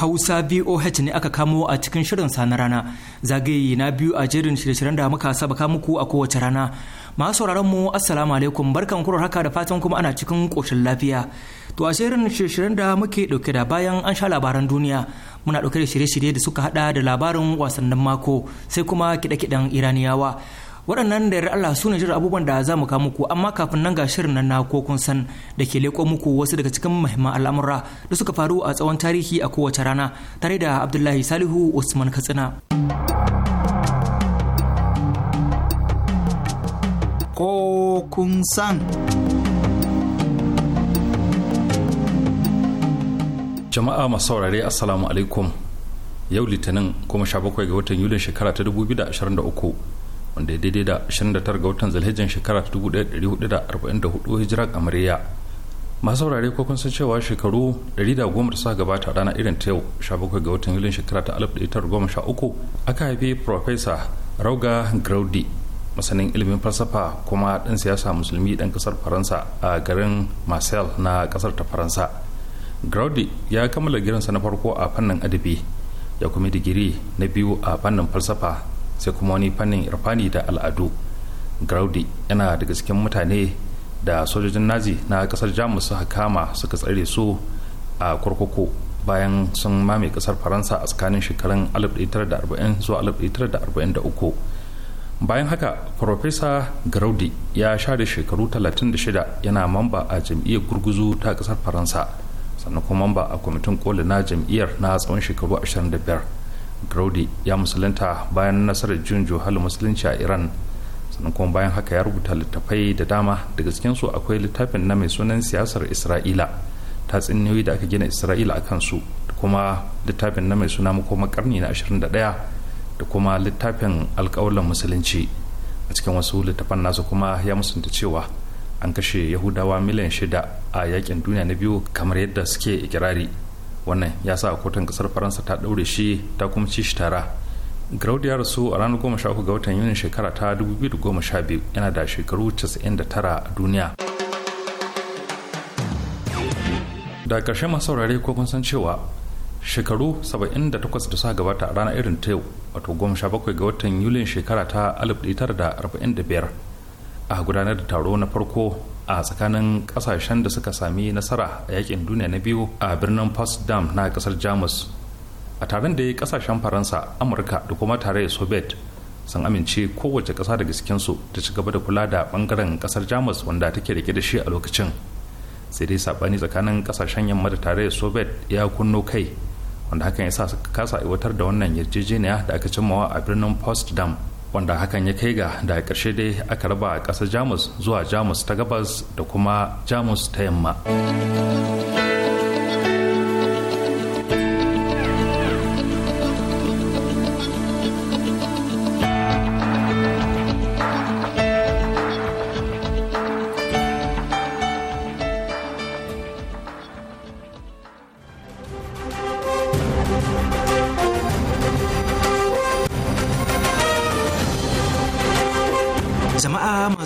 Hausa VOH ne aka kamo a cikin shirin sa na rana zagaye na biyu a jerin shirye-shiryen da muka saba muku a kowace rana. Masu sauraron mu Assalamu alaikum barkan kurar haka da fatan kuma ana cikin koshin lafiya. To a shirin shirye-shiryen da muke dauke da bayan an sha labaran duniya muna dauke da shirye-shirye da suka hada da labarin wasannin mako sai kuma kiɗe-kiɗen Iraniyawa. waɗannan da yarda Allah su ne jira abubuwan da za mu kawo muku amma kafin nan ga shirin nan na ko kun san da ke leƙo muku wasu daga cikin muhimman al'amura da suka faru a tsawon tarihi a kowace rana tare da Abdullahi Salihu Usman Katsina. Ko kun san. Jama'a masu saurare Assalamu alaikum. Yau Litinin kuma bakwai ga watan Yulin shekara ta dubu biyu da da ashirin uku. wanda ya daidai da 29 ga watan zalhijin shekara 1444 hijira kamariya masu saurare ko kun san cewa shekaru 110 da suka gabata rana irin ta yau 17 ga watan yulin shekara ta 1913 aka haifi profesa rauga graudi masanin ilimin falsafa kuma dan siyasa musulmi dan kasar faransa a garin marcel na kasar ta faransa graudi ya kammala girinsa na farko a fannin adabi ya kuma digiri na biyu a fannin falsafa sai kuma wani fannin irfani da al'adu graudi yana daga cikin mutane da sojojin nazi na kasar jamus suka kama suka tsare su a kurkuku bayan sun mame kasar faransa a tsakanin shekarun 1940 zuwa 1943 bayan haka profesa graudi ya share shekaru 36 yana mamba a jam'iyyar gurguzu ta kasar faransa sannan kuma mamba a kwamitin koli na jam'iyyar na tsawon shekaru 25 Brody ya musulunta bayan nasarar jin juhalin musulunci a Iran sannan kuma bayan haka ya rubuta littafai da dama daga cikinsu akwai littafin na mai sunan siyasar Isra'ila ta tsinniyoyi da aka gina Isra'ila a kansu da kuma littafin na mai suna makoma karni na 21 da kuma littafin alkawalin musulunci a cikin wasu littafan nasu kuma ya musunta cewa an kashe yahudawa miliyan shida a yakin duniya na biyu kamar yadda suke ikirari wannan ya sa kotun kasar faransa ta daure shi ta kuma ci shi tara graudi ya rasu a ranar goma sha uku ga watan yunin shekara ta dubu biyu da goma sha biyu yana da shekaru casa'in da tara a duniya da karshe masu saurare ko kun san cewa shekaru saba'in da takwas da suka gabata a ranar irin ta yau wato goma sha bakwai ga watan yulin shekara ta alif da da arba'in biyar a gudanar da taro na farko a tsakanin kasashen da suka sami nasara a yakin duniya na biyu a birnin potsdam na kasar jamus a taron da ya yi kasashen faransa amurka da kuma tarayyar soviet sun amince kowace ƙasa daga su ta ci gaba da kula da bangaren ƙasar jamus wanda take rike da shi a lokacin sai dai saɓani tsakanin ƙasashen yamma da tarayyar soviet ya kunno kai wanda hakan ya sa suka kasa aiwatar da wannan yarjejeniya da aka cimmawa a birnin potsdam wanda hakan ya kai ga da ƙarshe dai aka raba a ƙasar jamus zuwa jamus ta gabas da kuma jamus ta yamma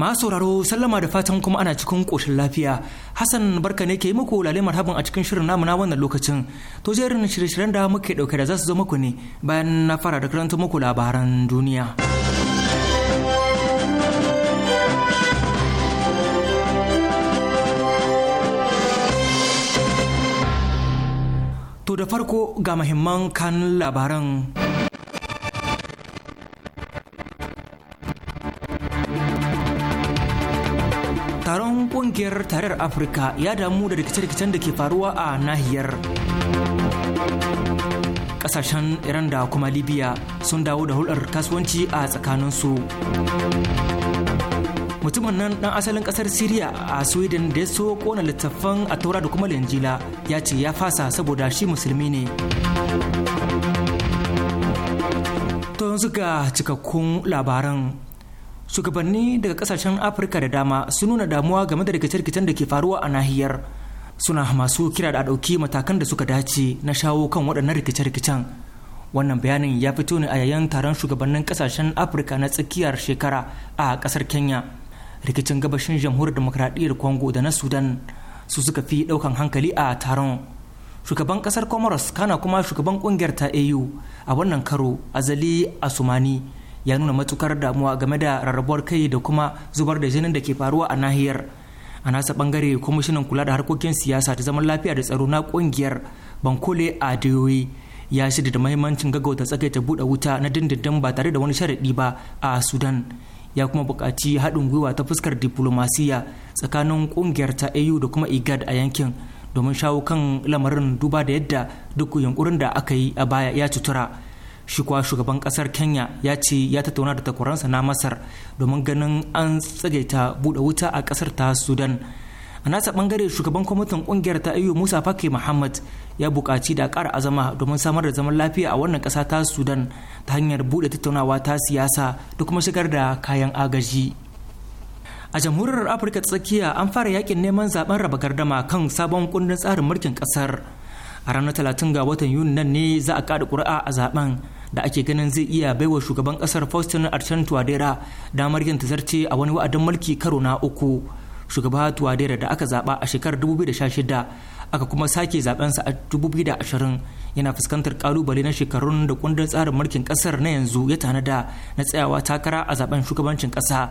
masu sauraro sallama da fatan kuma ana cikin ƙoshin lafiya hassan barka ne ke yi muku lalai marhaban a cikin shirin namu wannan lokacin to jerin shirye-shiryen da muke ɗauke da za su zo muku ne bayan na fara da karanta muku labaran duniya to da farko ga muhimman kan labaran ƙungiyar tarayyar Afirka ya damu da rikice-rikicen da ke faruwa a nahiyar. kasashen Iran da kuma Libya sun dawo da hulɗar kasuwanci a tsakaninsu. mutumin nan dan asalin kasar Siriya a Sweden da ya so kona littattafan a taura da kuma lenjila ya ce ya fasa saboda shi musulmi ne. To yanzu ga cikakkun labaran shugabanni daga kasashen afirka da dama sun nuna damuwa game da rikice-rikicen da ke faruwa a nahiyar suna masu kira da a ɗauki matakan da suka dace na shawo kan waɗannan rikice-rikicen wannan bayanin ya fito ne a yayin taron shugabannin kasashen afirka na tsakiyar shekara a ƙasar kenya rikicin gabashin jamhuriyar demokradiyyar congo da na sudan su suka fi ɗaukan hankali a taron shugaban kasar comoros kana kuma shugaban kungiyar ta au a wannan karo azali asumani ya nuna matukar damuwa game da rarrabuwar kai da kuma zubar da jinin da ke faruwa a nahiyar a nasa bangare kwamishinan kula da harkokin siyasa da zaman lafiya da tsaro na kungiyar bankole a adeoye ya shirya da mahimmancin gaggauta tsakaita buɗe wuta na dindindin ba tare da wani sharaɗi ba a sudan ya kuma buƙaci haɗin gwiwa ta fuskar diplomasiya tsakanin kungiyar ta au da kuma igad a yankin domin shawo kan lamarin duba da yadda duk yunkurin da aka yi a baya ya cutura shi kuwa shugaban kasar kenya ya ce ya tattauna da takwaransa na masar domin ganin an tsagaita buɗe wuta a kasar ta sudan a nasa bangare shugaban kwamitin kungiyar ta ayyu musa fake muhammad ya bukaci da ƙara azama domin samar da zaman lafiya a wannan ƙasa ta sudan ta hanyar buɗe tattaunawa ta siyasa da kuma shigar da kayan agaji a jamhuriyar afirka tsakiya an fara yakin neman zaben raba gardama kan sabon kundin tsarin mulkin ƙasar a ranar 30 ga watan yuni nan ne za a kada ƙuri'a a zaben da ake ganin zai iya baiwa shugaban ƙasar faustin arshen tuwadera damar yin tazarce a wani wa'adin mulki karo na uku shugaba tuwadera da aka zaba a shekarar 2016 aka kuma sake zabensa a 2020 yana fuskantar kalubale na shekarun da kundin tsarin mulkin kasar na yanzu ya tanada na tsayawa takara a zaben shugabancin ƙasa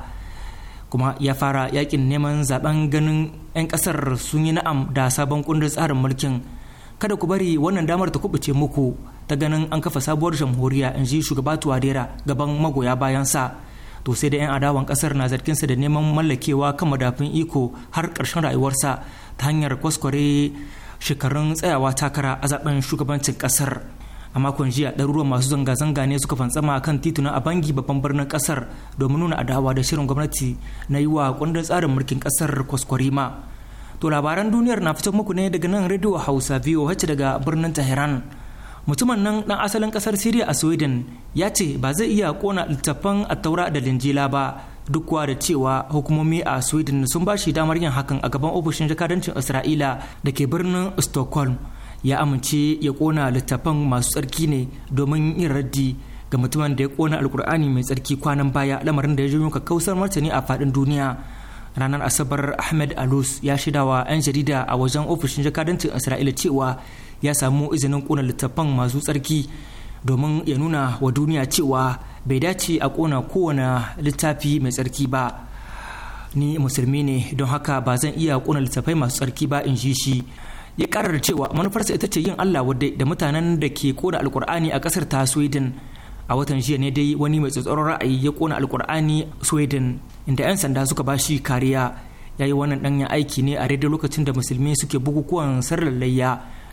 kuma ya fara yakin neman zaben ganin 'yan ƙasar sun yi na'am da sabon kundin tsarin mulkin kada ku bari wannan damar ta kubuce muku ta ganin an kafa sabuwar jamhuriya in ji shugaba tuwadera gaban magoya bayansa to sai da 'yan adawan kasar na sa da neman mallakewa kan madafin iko har karshen rayuwarsa ta hanyar kwaskware shekarun tsayawa takara a zaben shugabancin kasar a makon jiya ɗaruruwan masu zanga-zanga ne suka fantsama kan tituna a bangi babban birnin kasar domin nuna adawa da shirin gwamnati na yi wa kundin tsarin mulkin kasar kwaskwarima To labaran duniyar na fito muku ne daga nan Radio Hausa VOH daga birnin Tehran. Mutumin nan ɗan asalin kasar Siriya a Sweden ya ce ba zai iya kona littattafan attaura da linjila ba duk da cewa hukumomi a ah, Sweden sun ba shi damar yin hakan a gaban ofishin jakadancin Isra'ila da ke birnin Stockholm. Ya amince ya kona littattafan masu tsarki ne domin yin raddi ga mutumin da ya kona alkur'ani mai tsarki kwanan baya lamarin da ya janyo kakkausar martani a faɗin duniya. ranar asabar ahmed alus ya wa 'yan jarida a wajen ofishin jakadancin isra'ila cewa ya samu izinin kona littattafan masu tsarki domin ya nuna wa duniya cewa bai dace a kona kowane littafi mai tsarki ba ni musulmi ne don haka ba zan iya kona littattafai masu tsarki ba in ji shi ya karar cewa manufarsa ita ce yin allah wadda da mutanen da ke kona alkur'ani a kasar ta sweden a watan jiya ne dai wani mai tsatsaron ra'ayi ya kona alkur'ani sweden inda 'yan sanda suka ba shi kariya ya yi wannan ya aiki ne a rede lokacin da musulmi suke bukukuwan sallar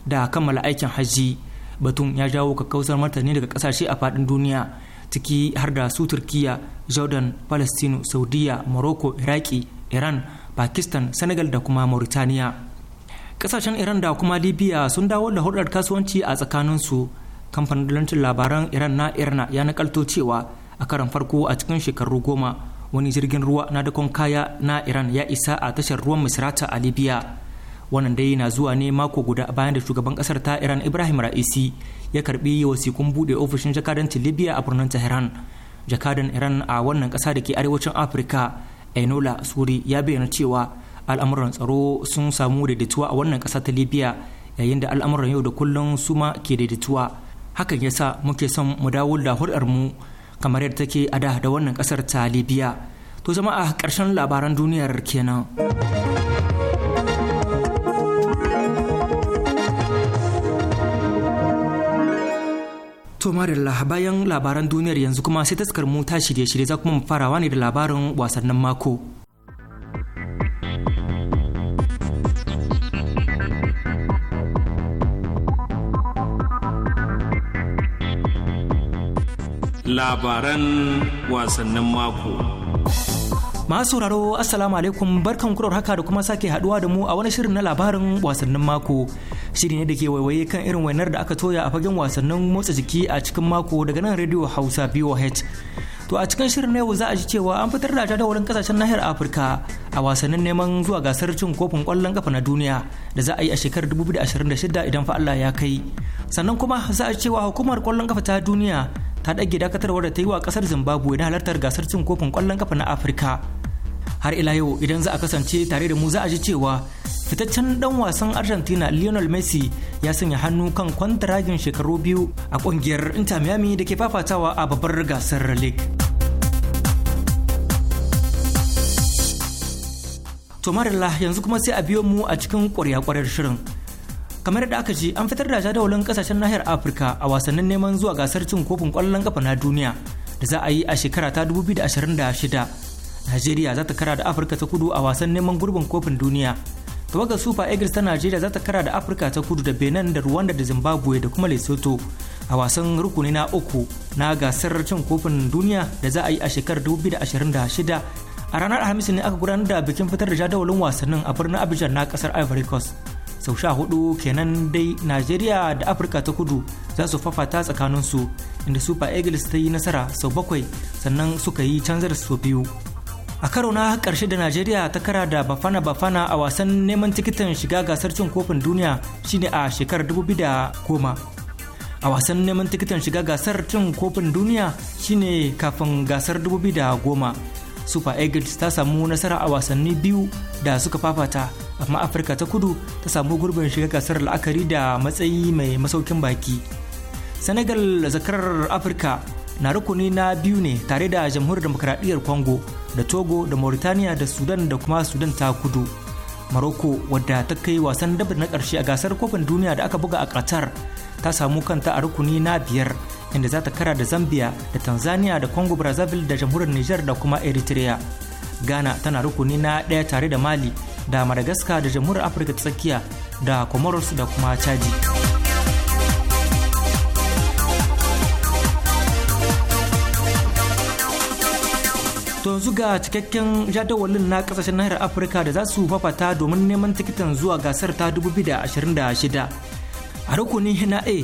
da kammala aikin hajji batun ya jawo kakkausar martani daga kasashe a fadin duniya ciki har da su turkiya jordan palestine saudiya morocco iraki iran pakistan senegal da kuma mauritaniya kasashen iran da kuma libya sun dawo da hulɗar kasuwanci a tsakaninsu kamfanin dalancin labaran iran na irna ya nakalto cewa a karan farko a cikin shekaru goma wani jirgin ruwa na dakon kaya na iran ya isa a tashar ruwan misrata a libya wannan dai na zuwa ne mako guda bayan da shugaban kasar ta iran ibrahim ra'isi ya karbi wasikun bude ofishin jakadancin libya a birnin tehran jakadan iran a wannan kasa da ke arewacin afirka enola suri ya bayyana cewa al'amuran tsaro sun samu daidaituwa a wannan kasa ta libya yayin da al'amuran yau da kullum su ma ke daidaituwa hakan ya sa muke son mu dawo da mu kamar yadda take a da da wannan kasar ta libya to a ƙarshen labaran duniyar kenan to marilla bayan labaran duniyar yanzu kuma sai taskar mu ta shirye shirye za kuma mu farawa ne da labarin wasannin mako labaran wasannin mako. Masu sauraro Assalamu alaikum barkan kurar haka da kuma sake haduwa da mu a wani shirin na labarin wasannin mako. Shiri ne da ke waiwaye kan irin wainar da aka toya a fagen wasannin motsa jiki a cikin mako daga nan Radio Hausa VOH. To a cikin shirin na yau za a ji cewa an fitar da jadawalin kasashen nahiyar Afirka a wasannin neman zuwa gasar cin kofin kwallon kafa na duniya da za a yi a shekarar 2026 idan fa Allah ya kai. Sannan kuma za a ji cewa hukumar kwallon kafa ta duniya ta ɗage dakatarwar da ta yi wa ƙasar zimbabwe na halartar gasar cin kofin ƙwallon kafa na afirka har ila yau idan za a kasance tare da mu za a ji cewa fitaccen dan wasan argentina lionel messi ya sanya hannu kan kwantaragin shekaru biyu a ƙungiyar inter miami da ke fafatawa a babbar gasar league to yanzu kuma sai a biyo mu a cikin kwarya ƙwaryar shirin kamar da aka ji an fitar da jadawalin kasashen nahiyar afirka a wasannin neman zuwa gasar cin kofin kwallon kafa na duniya da za a yi a shekara ta 2026 najeriya za ta kara da afirka ta kudu a wasan neman gurbin kofin duniya tawaga super eagles ta najeriya za ta kara da afirka ta kudu da benin da rwanda da zimbabwe da kuma lesotho a wasan rukuni na uku na gasar cin kofin duniya da za a yi a shekarar 2026 a ranar alhamis ne aka gudanar da bikin fitar da jadawalin wasannin a birnin abidjan na kasar ivory coast sau sha hudu kenan dai najeriya da afirka ta kudu za su fafata tsakaninsu inda super eagles ta yi nasara sau bakwai sannan suka yi canzar sau biyu a karo na karshe da najeriya ta kara da bafana bafana a wasan neman tikitin shiga gasar cin kofin duniya shine a shekarar 2010 a wasan neman tikitin shiga gasar cin kofin duniya shine kafin gasar 2010 super eagles ta samu nasara a wasanni biyu da suka fafata amma afirka ta kudu ta samu gurbin shiga gasar la'akari da matsayi mai masaukin baki senegal zakarar afirka na rukuni na biyu ne tare da jamhuriyar demokradiyyar congo da togo da mauritania da sudan da kuma sudan ta kudu morocco wadda ta kai wasan dabi na karshe a gasar kofin duniya da aka buga a qatar ta samu kanta a rukuni na biyar inda za ta kara da zambia da tanzania da congo brazzaville da jamhuriyar niger da kuma eritrea ghana tana rukuni na ɗaya tare da mali da madagascar da jamhuriyar afirka ta tsakiya da comoros da kuma chadi to yanzu ga cikakken jadawalin na kasashen nahiyar afirka da za su fafata domin neman tikitan zuwa gasar ta 2026 a rukuni na a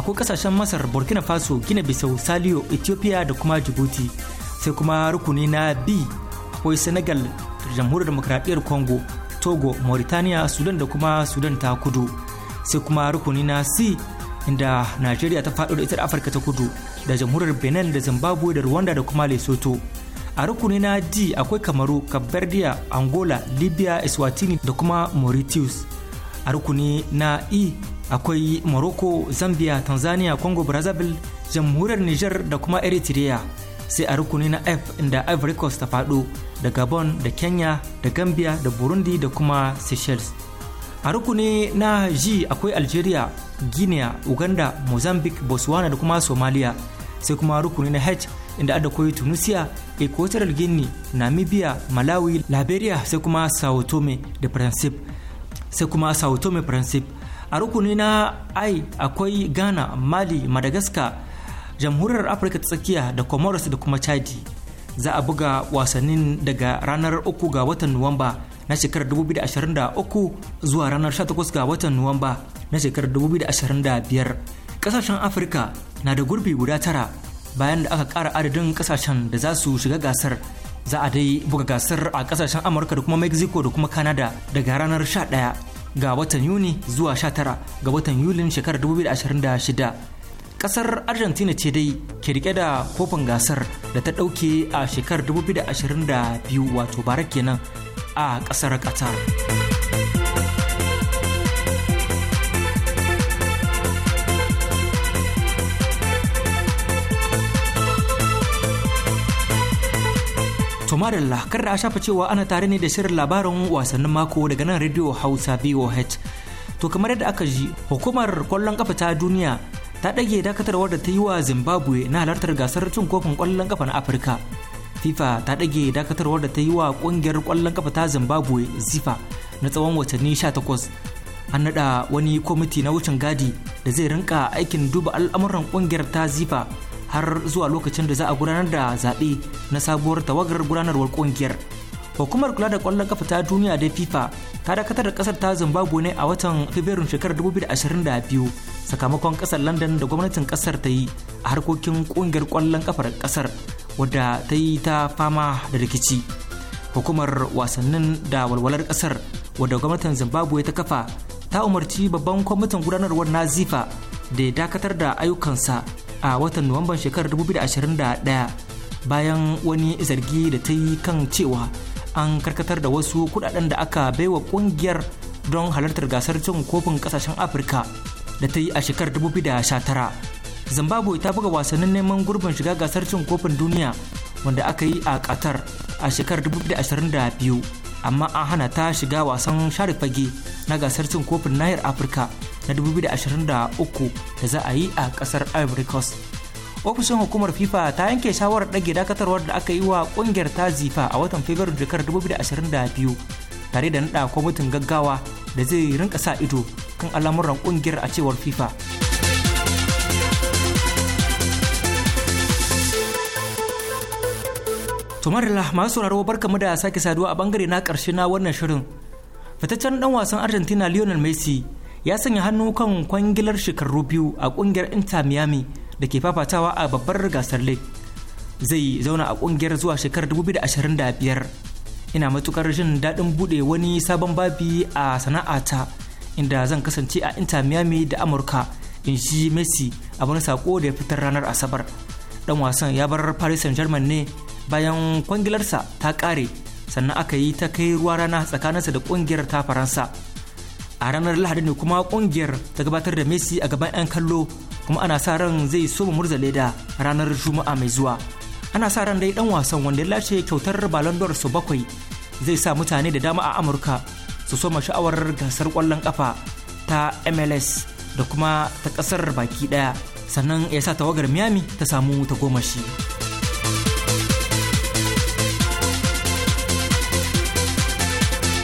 akwai kasashen masar burkina faso gina bisau saliyo ethiopia da kuma djibouti sai kuma rukuni na b akwai senegal jamhuriyar demokradiyyar congo togo mauritania sudan da kuma sudan ta kudu sai kuma rukuni na c inda najeriya ta faɗo da ita afirka ta kudu da jamhuriyar benin da zimbabwe da rwanda da kuma lesotho a rukuni na d akwai kamaru kabardia angola libya eswatini da kuma mauritius a rukuni na e akwai morocco zambia tanzania congo brazzaville jamhuriyar niger da kuma eritrea sai a rukuni na f inda ivory coast ta faɗo da gabon da kenya da gambia da burundi da kuma seychelles a rukuni na ji akwai algeria guinea uganda mozambique botswana da kuma somalia sai kuma rukuni na h inda ada koyi tunisia equatorial guinea namibia malawi liberia sai kuma sao tome da principe sai kuma sao tome principe a rukuni na i akwai ghana mali madagascar jamhuriyar afirka ta tsakiya da comoros da kuma chadi za a buga wasannin daga ranar 3 ga watan nuwamba na shekarar 2023 zuwa ranar 18 ga watan nuwamba na shekarar 2025 kasashen afirka na da gurbi guda tara bayan da aka ƙara adadin kasashen da za su shiga gasar za a dai buga gasar a kasashen amurka da kuma mexico da kuma canada daga ranar 11 ga watan yuni zuwa 19 ga watan yulin shekarar 2026 kasar argentina ce dai ke rike da kofin gasar da ta dauke a shekarar 2022 wato bara kenan a kasar qatar Tumarilla kar da a shafa cewa ana tare ne da shirin labarin wasannin mako daga nan Radio Hausa VOH. To kamar yadda aka ji hukumar kwallon kafa ta duniya ta ɗage dakatarwar da ta yi wa zimbabwe na halartar gasar cin kofin ƙwallon kafa na afirka fifa ta ɗage dakatarwar da ta yi wa ƙungiyar ƙwallon kafa ta zimbabwe zifa na tsawon watanni 18 an naɗa wani kwamiti na wucin gadi da zai rinka aikin duba al'amuran ƙungiyar ta zifa har zuwa lokacin da za a gudanar da zaɓe na sabuwar tawagar gudanarwar ƙungiyar hukumar kula da kwallon kafa ta duniya da fifa ta dakatar da kasar ta zimbabwe ne a watan fabrairun shekarar 2022 sakamakon kasar london da gwamnatin kasar ta yi a harkokin kungiyar kwallon kafar kasar wadda ta yi ta fama da rikici hukumar wasannin da walwalar kasar wadda gwamnatin zimbabwe ta kafa ta umarci babban kwamitin gudanarwar na zifa da ya dakatar da ayyukansa a watan nuwamban shekarar 2021 bayan wani zargi da ta yi kan cewa an karkatar da wasu kudaden da aka baiwa kungiyar don halartar gasar cin kofin kasashen afirka da ta yi a shekarar 2019 zimbabwe ta buga wasannin neman gurbin shiga gasar cin kofin duniya wanda aka yi a katar a shekarar 2022 amma an hana ta shiga wasan share fage na gasar cin kofin nahiyar afirka na 2023 da za a yi a kasar ivory coast ofishin hukumar fifa ta yanke shawarar ɗage dakatarwar da aka yi wa ƙungiyar ta zifa a watan fabrairu shekarar 2022 tare da naɗa kwamitin gaggawa da zai rinka sa ido kan al'amuran ƙungiyar a cewar fifa tumarila masu sauraro mu da sake saduwa a bangare na karshe na wannan shirin fitaccen ɗan wasan argentina lionel messi ya sanya hannu kan kwangilar shekaru biyu a ƙungiyar inter miami da ke fafatawa a babbar gasar league zai zauna a kungiyar zuwa shekarar 2025 ina matukar jin daɗin buɗe wani sabon babi a sana'a ta inda zan kasance a inter miami da amurka in ji messi a wani sako da ya fitar ranar asabar dan wasan ya bar paris saint germain ne bayan kwangilarsa ta kare sannan aka yi ta kai ruwa rana tsakaninsa da kungiyar ta faransa a ranar lahadi ne kuma kungiyar ta gabatar da messi a gaban 'yan kallo kuma ana sa ran zai so murzale da ranar juma'a mai zuwa ana sa ran dai dan wasan wanda ya lace kyautar Ballon d'Or su bakwai zai sa mutane da dama a Amurka su soma sha'awar gasar kwallon kafa ta MLS da kuma ta kasar baki daya sannan ya sa tawagar Miami ta samu ta goma shi.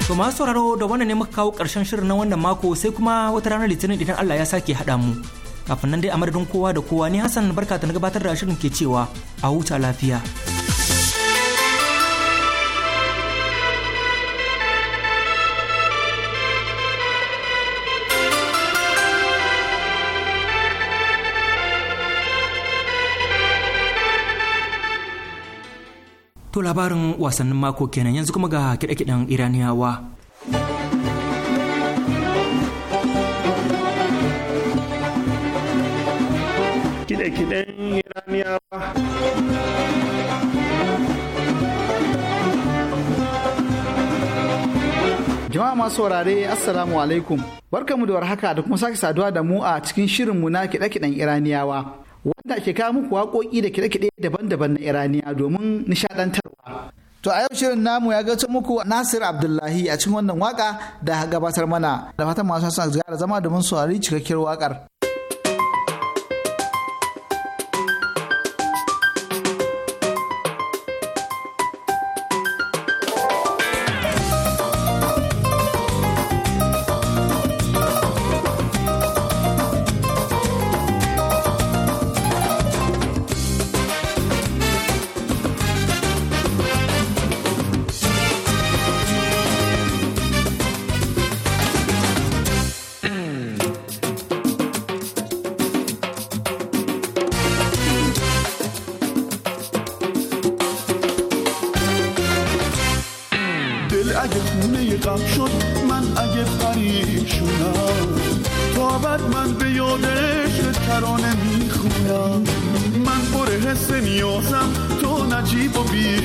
To masu sauraro da wannan ne muka kawo ƙarshen shirin na wannan mako sai kuma wata ranar litinin idan Allah ya sake haɗa mu. kafin nan dai a madadin kowa da kowa ni hassan barka ta na gabatar da shirin ke cewa a huta lafiya To labarin wasannin mako kenan yanzu kuma ga kiɗe-kiɗen Iraniyawa. iraniyawa jama'a masu saurare assalamu alaikum barkamu da warhaka da kuma sake saduwa da mu a cikin shirinmu na kiɗe-kiɗen iraniyawa wanda ke kawo muku waƙoƙi da kiɗe-kiɗe daban-daban na iraniya domin nishaɗantarwa to a yau shirin namu ya gaci muku nasir abdullahi a cikin wannan waka da gabatar mana da fatan masu sa zama domin saurari cikakkiyar waƙar.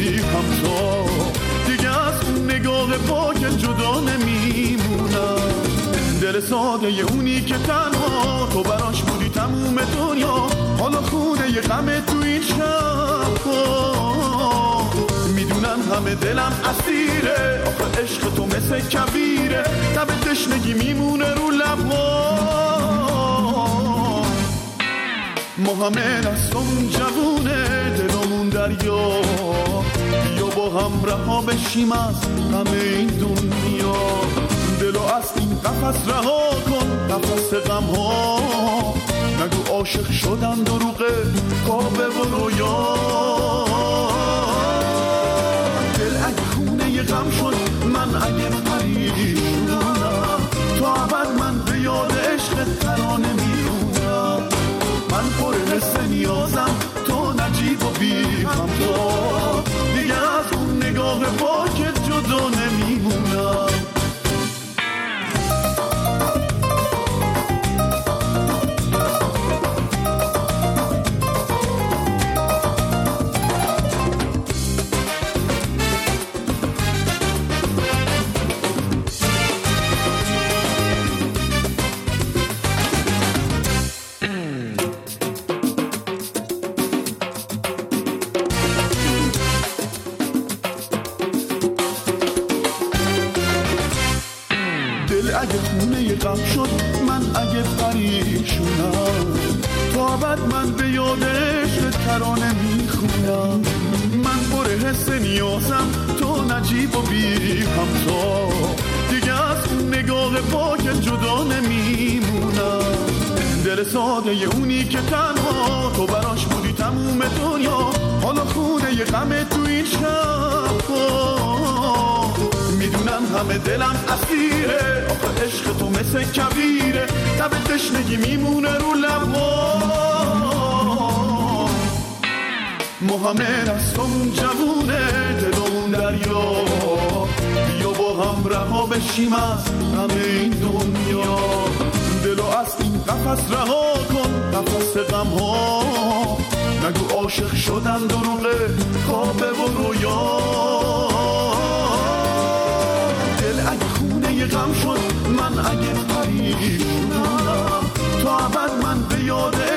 هم تو؟ دیگه از نگاه پاک جدا نمیمونم دل ساده اونی که تنها تو براش بودی تموم دنیا حالا خونه یه غمه تو این شب میدونم همه دلم اسیره آخه عشق تو مثل کبیره تب تشنگی میمونه رو لبا ما همه دستم جوونه اون دریا یا با هم رها بشیم از غم این دنیا دلو از این قفص رها کن قفس غم ها نگو عاشق شدن دروغ خواب و رویا دل اگه خونه غم شد من اگه No. ساده اونی که تنها تو براش بودی تموم دنیا حالا خونه یه غمه تو این شب میدونم همه دلم اسیره آخه عشق تو مثل کبیره تب تشنگی میمونه رو لبا محمد از اون جوونه دلون دریا بیا با هم رها بشیم از همه این دنیا پس این قفص رها کن قفص غم ها نگو عاشق شدن دروغه خواب و رویا دل اگه خونه غم شد من اگه پریش تو تا ابد من به یاده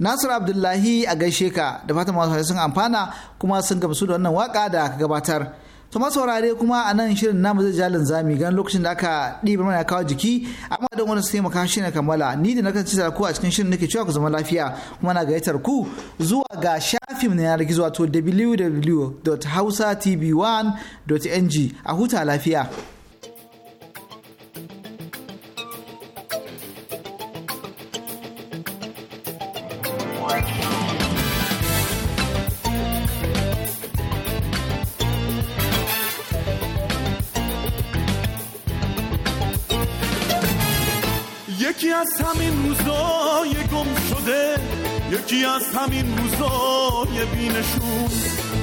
Nasir Abdullahi a gaishe ka da fatan masu sun amfana kuma sun gamsu da wannan waka da ka gabatar. To masu saurare kuma a nan shirin namu zai jalin zami gan lokacin da aka ɗiba mana kawo jiki amma don wani su taimaka shi ne kammala ni da nakan cita ku a cikin shirin nake cewa ku zama lafiya kuma na gayyatar ku zuwa ga shafin na yanar gizo wato www.hausatv1.ng a huta lafiya. همین روزای گم شده یکی از همین روزای بینشون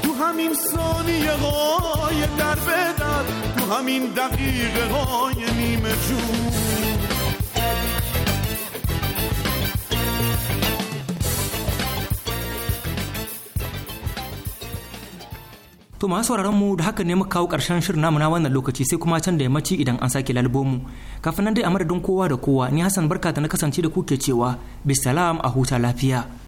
تو همین ثانیه های در بدر تو همین دقیقه های نیمه جون To masu sauraron mu da haka ne muka kawo karshen shirin namu na wannan lokaci sai kuma can da yammaci idan an sake lalbo mu. Kafin nan dai a madadin kowa da kowa ni Hassan barka ta na kasance da kuke cewa bisalam a huta lafiya.